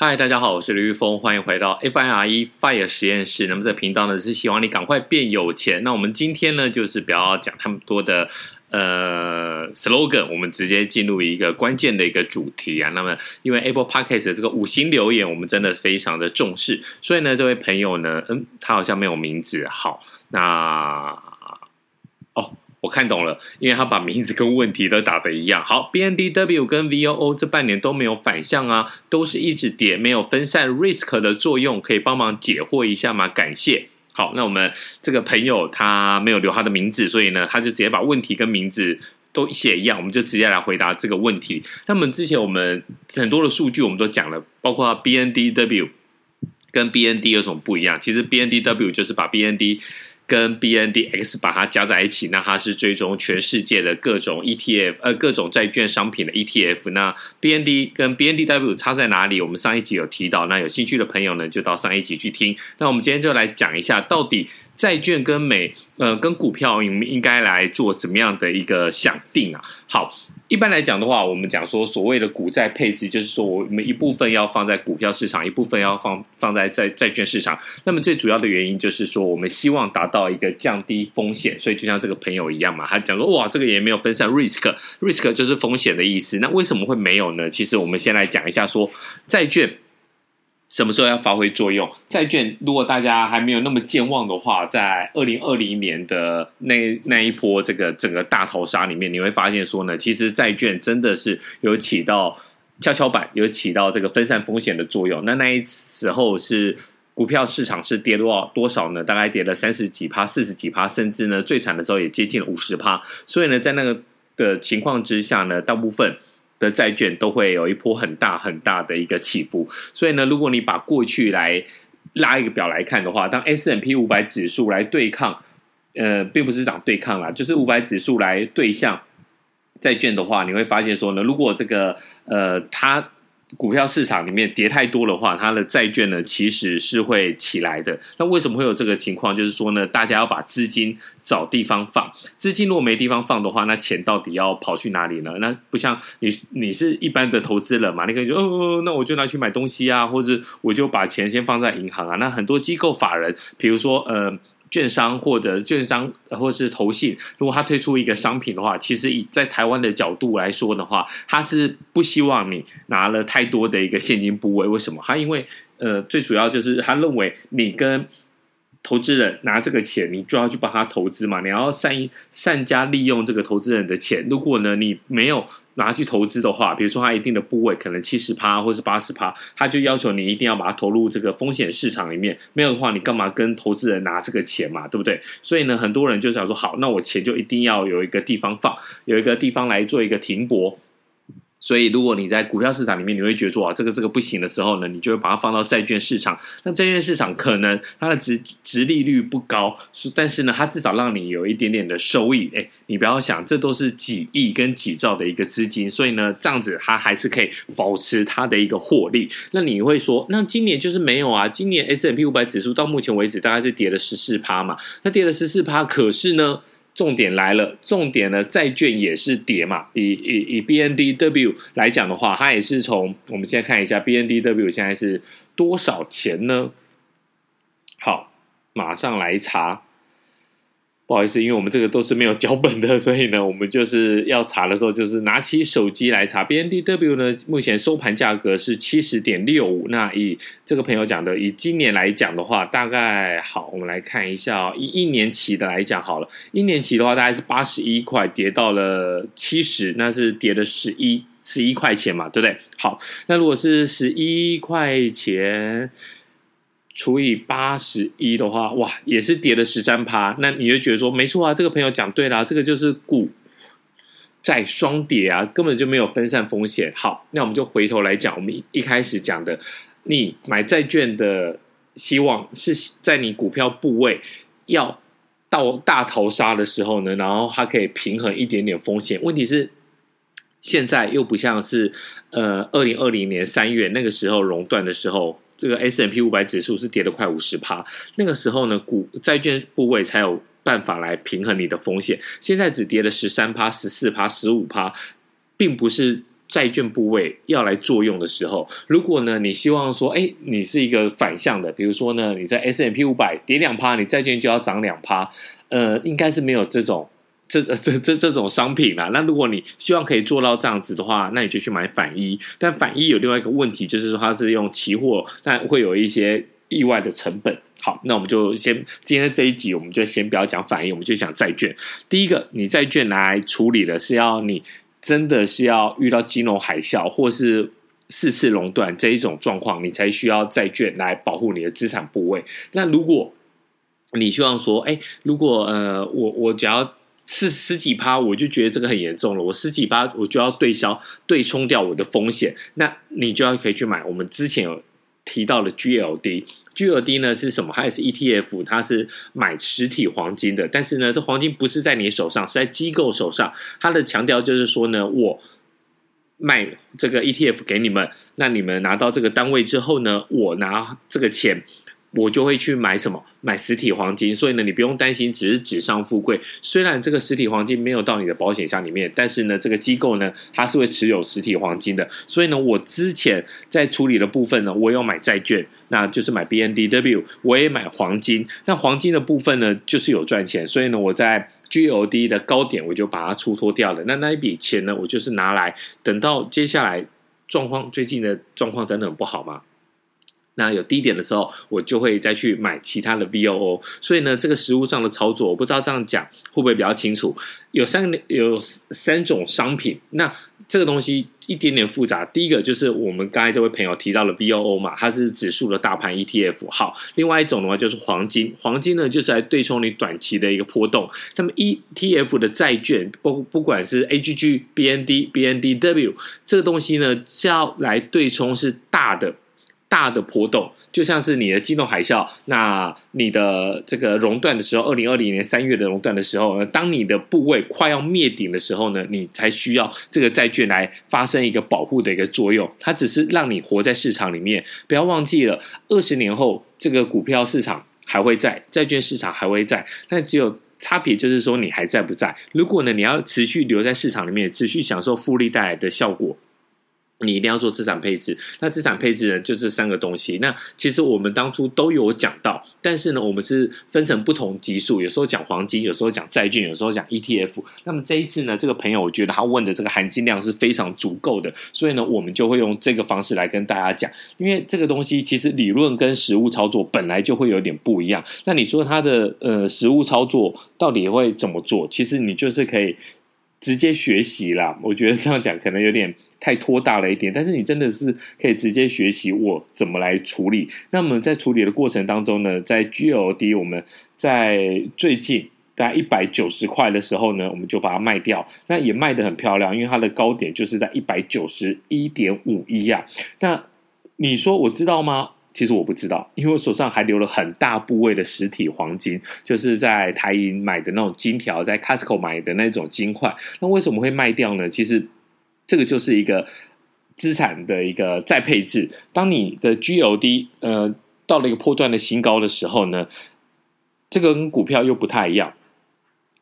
嗨，大家好，我是林裕豐，歡迎回到 FIRE FIRE 實驗室。那麼這頻道呢，是希望你趕快變有錢。那我們今天呢，就是不要講太多的呃 slogan，我們直接進入一個關鍵的一個主題啊。那麼因為 Apple Podcast 這個五星留言我們真的非常的重視，所以呢，這位朋友呢，嗯，他好像沒有名字。好，那哦。我看懂了，因為他把名字跟問題都打得一樣。好，BNDW 跟 VOO 這半年都沒有反向啊，都是一直跌，沒有分散 risk 的作用，可以幫忙解惑一下嗎？感謝。好，那我們這個朋友他沒有留他的名字，所以呢，他就直接把問題跟名字都寫一樣，我們就直接來回答這個問題。那麼之前我們很多的數據我們都講了，包括 BNDW 跟 BND 有什麼不一樣？其實 BNDW 就是把 BND。跟 BNDX 把它加在一起，那它是追蹤全世界的各種 ETF，呃，各種債券商品的 ETF。那 BND 跟 BNDW 差在哪裡？我們上一集有提到，那有興趣的朋友呢，就到上一集去聽。那我們今天就來講一下，到底債券跟美，呃，跟股票應不應該來做怎麼樣的一個想定啊？好。一般來講的話，我們講說所謂的股債配置，就是說我們一部分要放在股票市場，一部分要放放在在債，債券市場。那麼最主要的原因就是說，我們希望達到一個降低風險。所以就像這個朋友一樣嘛，他講說哇，這個也沒有分散 risk，risk risk 就是風險的意思。那為什麼會沒有呢？其實我們先來講一下說債券。什麼時候要發揮作用？債券，如果大家還沒有那麼健忘的話，在二零二零年的那那一波這個整個大逃殺裡面，你會發現說呢，其實債券真的是有起到蹺蹺板，有起到這個分散風險的作用。那那一時候是股票市場是跌多少多少呢？大概跌了三十幾趴、四十幾趴，甚至呢最慘的時候也接近了五十趴。所以呢，在那個的情況之下呢，大部分。的債券都會有一波很大很大的一個起伏，所以呢，如果你把過去來拉一個表來看的話，當 S&P 五百指數來對抗，呃，並不是講對抗啦，就是五百指數來對象債券的話，你會發現說呢，如果這個呃它。股票市場裡面跌太多的話，它的債券呢，其實是會起來的。那為什麼會有這個情況？就是說呢，大家要把資金找地方放，資金若沒地方放的話，那錢到底要跑去哪裡呢？那不像你，你是一般的投資人嘛，那個就嗯、哦，那我就拿去買東西啊，或者我就把錢先放在銀行啊。那很多機構法人，比如說呃。券商、或者券商或是投信，如果他推出一個商品的話，其實以在台灣的角度來說的話，他是不希望你拿了太多的一個現金部位。為什麼？他因為呃，最主要就是他認為你跟投資人拿這個錢，你就要去幫他投資嘛，你要善善加利用這個投資人的錢。如果呢，你沒有。拿去投資的話，比如說它一定的部位可能七十趴或是八十趴，他就要求你一定要把它投入這個風險市場裡面，沒有的話，你幹嘛跟投資人拿這個錢嘛，對不對？所以呢，很多人就想說，好，那我錢就一定要有一個地方放，有一個地方來做一個停泊。所以，如果你在股票市場裡面，你會覺得說啊，這個這個不行的時候呢，你就會把它放到債券市場。那債券市場可能它的殖利率不高，是但是呢，它至少讓你有一點點的收益。哎，你不要想，這都是幾億跟幾兆的一個資金，所以呢，這樣子它還是可以保持它的一個獲利。那你會說，那今年就是沒有啊，今年 S&P 五百指數到目前為止大概是跌了十四趴嘛。那跌了十四趴，可是呢，重點來了，重點呢，債券也是跌嘛。以以以 BNDW 來講的話，它也是從，我們先看一下 BNDW 現在是多少錢呢？好，馬上來查。不好意思，因為我們這個都是沒有腳本的，所以呢，我們就是要查的時候，就是拿起手機來查。BNDW 呢，目前收盤價格是七十點六五。那以這個朋友講的，以今年來講的話，大概，好，我們來看一下哦，以一年期的來講好了。一年期的話，大概是八十一塊，跌到了七十，那是跌了十一十一塊錢嘛，對不對？好，那如果是十一塊錢。除以八十一的話，哇，也是跌了十三趴。那你就覺得說，沒錯啊，這個朋友講對啦，啊，這個就是股債雙跌啊，根本就沒有分散風險。好，那我們就回頭來講，我們一開始講的，你買債券的希望是，在你股票部位要到大逃殺的時候呢，然後它可以平衡一點點風險。問題是。現在又不像是呃，二零二零年三月那個時候熔斷的時候，這個 S&P 五百指數是跌了快五十趴，那個時候呢，股債券部位才有辦法來平衡你的風險。現在只跌了十三趴、十四趴、十五趴，並不是債券部位要來作用的時候。如果呢，你希望說，哎，你是一個反向的，比如說呢，你在 S&P 五百跌兩趴，你債券就要漲兩趴，呃，應該是沒有這種。這這這這種商品啊，那如果你希望可以做到這樣子的話，那你就去買反一。但反一有另外一個問題，就是說它是用期貨，但會有一些意外的成本。好，那我們就先今天這一集，我們就先不要講反一，我們就講債券。第一個，你債券來處理的是要你真的是要遇到金融海嘯或是四次熔斷這一種狀況，你才需要債券來保護你的資產部位。那如果你希望說，哎，如果呃，我我只要是十幾趴，我就覺得這個很嚴重了。我十幾趴，我就要對消、對沖掉我的風險。那你就要可以去買。我們之前有提到的 GLD，GLD 呢是什麼？它也是 ETF，它是買實體黃金的。但是呢，這黃金不是在你手上，是在機構手上。它的強調就是說呢，我賣這個 ETF 給你們，那你們拿到這個單位之後呢，我拿這個錢。我就會去買什麼買實體黃金，所以呢，你不用擔心只是紙上富貴。雖然這個實體黃金沒有到你的保險箱裡面，但是呢，這個機構呢，它是會持有實體黃金的。所以呢，我之前在處理的部分呢，我有買債券，那就是買 BNDW，我也買黃金。那黃金的部分呢，就是有賺錢，所以呢，我在 GLD 的高點我就把它出脫掉了。那那一筆錢呢，我就是拿來等到接下來狀況最近的狀況真的很不好嗎？那有低點的時候，我就會再去買其他的 VOO，所以呢，這個實物上的操作，我不知道這樣講會不會比較清楚？有三有三種商品，那這個東西一點點複雜。第一個就是我們剛才這位朋友提到的 VOO 嘛，它是指數的大盤 ETF 好，另外一種的話就是黃金，黃金呢就是來對沖你短期的一個波動。那麼 ETF 的債券，不不管是 AGG、BND、BNDW 這個東西呢是要來對沖是大的。大的波動，就像是你的金融海嘯。那你的這個熔斷的時候，二零二零年三月的熔斷的時候，當你的部位快要滅頂的時候呢，你才需要這個債券來發生一個保護的一個作用。它只是讓你活在市場裡面。不要忘記了，二十年後，這個股票市場還會在，債券市場還會在，但只有差別就是說你還在不在。如果呢，你要持續留在市場裡面，持續享受複利帶來的效果，你一定要做資產配置，那資產配置呢，就是這三個東西。那其實我們當初都有講到，但是呢，我們是分成不同集數，有時候講黃金，有時候講債券，有時候講 ETF。那麼這一次呢，這個朋友我覺得他問的這個含金量是非常足夠的，所以呢，我們就會用這個方式來跟大家講，因為這個東西其實理論跟實務操作本來就會有點不一樣。那你說它的呃實務操作到底會怎麼做？其實你就是可以。直接學習啦，我覺得這樣講可能有點太託大了一點，但是你真的是可以直接學習我怎麼來處理。那麼在處理的過程當中呢，在 GLD 我們在最近在一百九十塊的時候呢，我們就把它賣掉，那也賣得很漂亮，因為它的高點就是在一百九十一點五一啊。那你說我知道嗎？其實我不知道，因為我手上還留了很大部位的實體黃金，就是在台銀買的那種金條，在 Costco 買的那種金塊。那為什麼會賣掉呢？其實，這個就是一個資產的一個再配置。當你的 GLD 呃到了一個破斷的新高的時候呢，這個跟股票又不太一樣。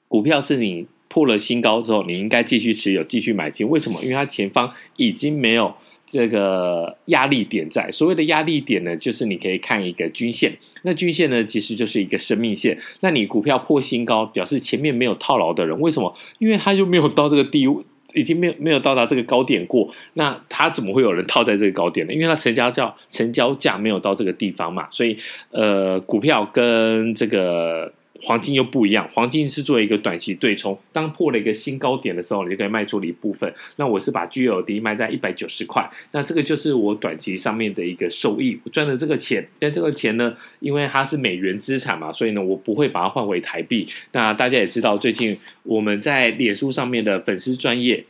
股票是你破了新高之後，你應該繼續持有，繼續買進。為什麼？因為它前方已經沒有。這個壓力點在所謂的壓力點呢，就是你可以看一個均線，那均線呢，其實就是一個生命線。那你股票破新高，表示前面沒有套牢的人，為什麼？因為他就沒有到這個地位，已經沒有沒有到達這個高點過。那他怎麼會有人套在這個高點呢？因為他成交價成交價沒有到這個地方嘛，所以呃，股票跟這個。黃金又不一樣，黃金是做一個短期對沖。當破了一個新高點的時候，你就可以賣出了一部分。那我是把 GLD 賣在一百九十塊，那這個就是我短期上面的一個收益，我賺了這個錢。但這個錢呢，因為它是美元資產嘛，所以呢，我不會把它換為台幣。那大家也知道，最近我們在臉書上面的粉絲專頁，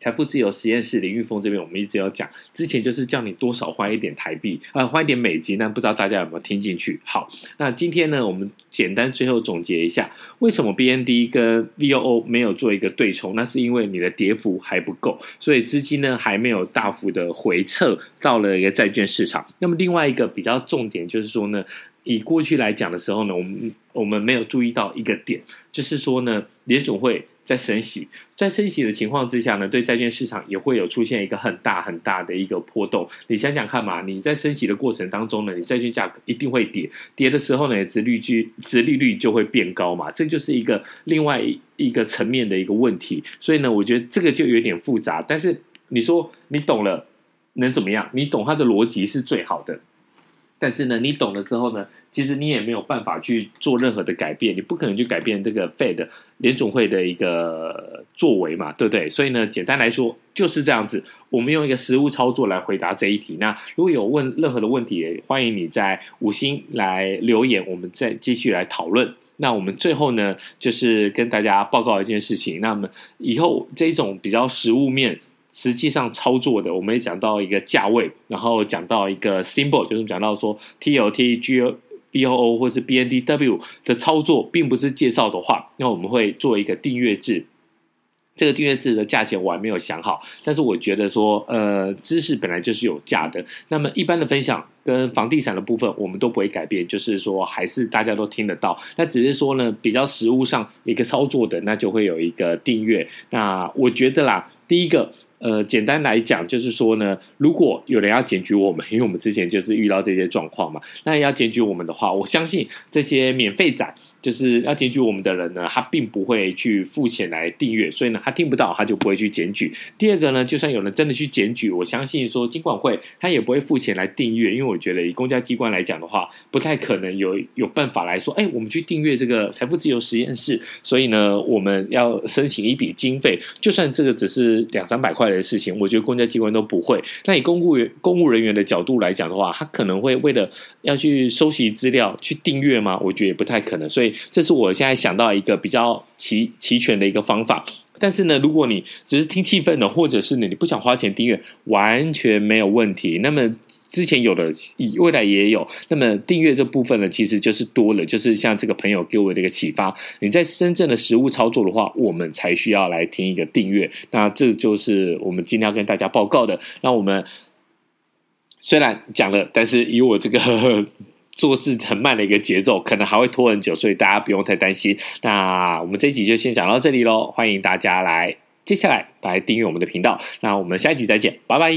財富自由實驗室林裕豐這邊，我們一直有講，之前就是叫你多少換一點台幣，呃、啊，換一點美金，但不知道大家有沒有聽進去？好，那今天呢，我們簡單最後總結一下，為什麼 BND 跟 VOO 沒有做一個對沖？那是因為你的跌幅還不夠，所以資金呢還沒有大幅的回撤到了一個債券市場。那麼另外一個比較重點就是說呢，以過去來講的時候呢，我們我們沒有注意到一個點，就是說呢，聯準會。在升息，在升息的情況之下呢，對債券市場也會有出現一個很大很大的一個波動，你想想看嘛，你在升息的過程當中呢，你債券價格一定會跌，跌的時候呢，殖利率殖利率就會變高嘛，這就是一個另外一個層面的一個問題。所以呢，我覺得這個就有點複雜。但是你說你懂了，能怎麼樣？你懂它的邏輯是最好的。但是呢，你懂了之後呢，其實你也沒有辦法去做任何的改變，你不可能去改變這個 Fed 聯準會的一個作為嘛，對不對？所以呢，簡單來說就是這樣子。我們用一個實務操作來回答這一題。那如果有問任何的問題，也歡迎你在五星來留言，我們再繼續來討論。那我們最後呢，就是跟大家報告一件事情。那麼以後這種比較實務面，實際上操作的，我們也講到一個價位，然後講到一個 symbol，就是講到說 TLT、VOO 或者是 BNDW 的操作，並不是介紹的話，那我們會做一個訂閱制。這個訂閱制的價錢我還沒有想好，但是我覺得說，呃，知識本來就是有價的。那麼一般的分享跟房地產的部分，我們都不會改變，就是說還是大家都聽得到。那只是說呢，比較實務上一個操作的，那就會有一個訂閱。那我覺得啦，第一個。呃，簡單來講就是說呢，如果有人要檢舉我們，因為我們之前就是遇到這些狀況嘛，那要檢舉我們的話，我相信這些免費展。就是要檢舉我們的人呢，他並不會去付錢來訂閱，所以呢，他聽不到，他就不會去檢舉。第二個呢，就算有人真的去檢舉，我相信說，金管會他也不會付錢來訂閱，因為我覺得以公家機關來講的話，不太可能有有辦法來說，哎，我們去訂閱這個財富自由實驗室，所以呢，我們要申請一筆經費，就算這個只是兩三百塊的事情，我覺得公家機關都不會。那以公務員公務人員的角度來講的話，他可能會為了要去收集資料去訂閱嗎？我覺得也不太可能，所以。這是我現在想到一個比較齊齊全的一個方法，但是呢，如果你只是聽氣氛的，或者是你你不想花錢訂閱，完全沒有問題。那麼之前有的，未來也有。那麼訂閱這部分呢，其實就是多了，就是像這個朋友給我的一個啟發。你在真正的實務操作的話，我們才需要來聽一個訂閱。那這就是我們今天要跟大家報告的。那我們雖然講了，但是以我這個呵呵。做事很慢的一個節奏，可能還會拖很久，所以大家不用太擔心。那我們這一集就先講到這裡嘍，歡迎大家來，接下來來訂閱我們的頻道。那我們下一集再見，拜拜。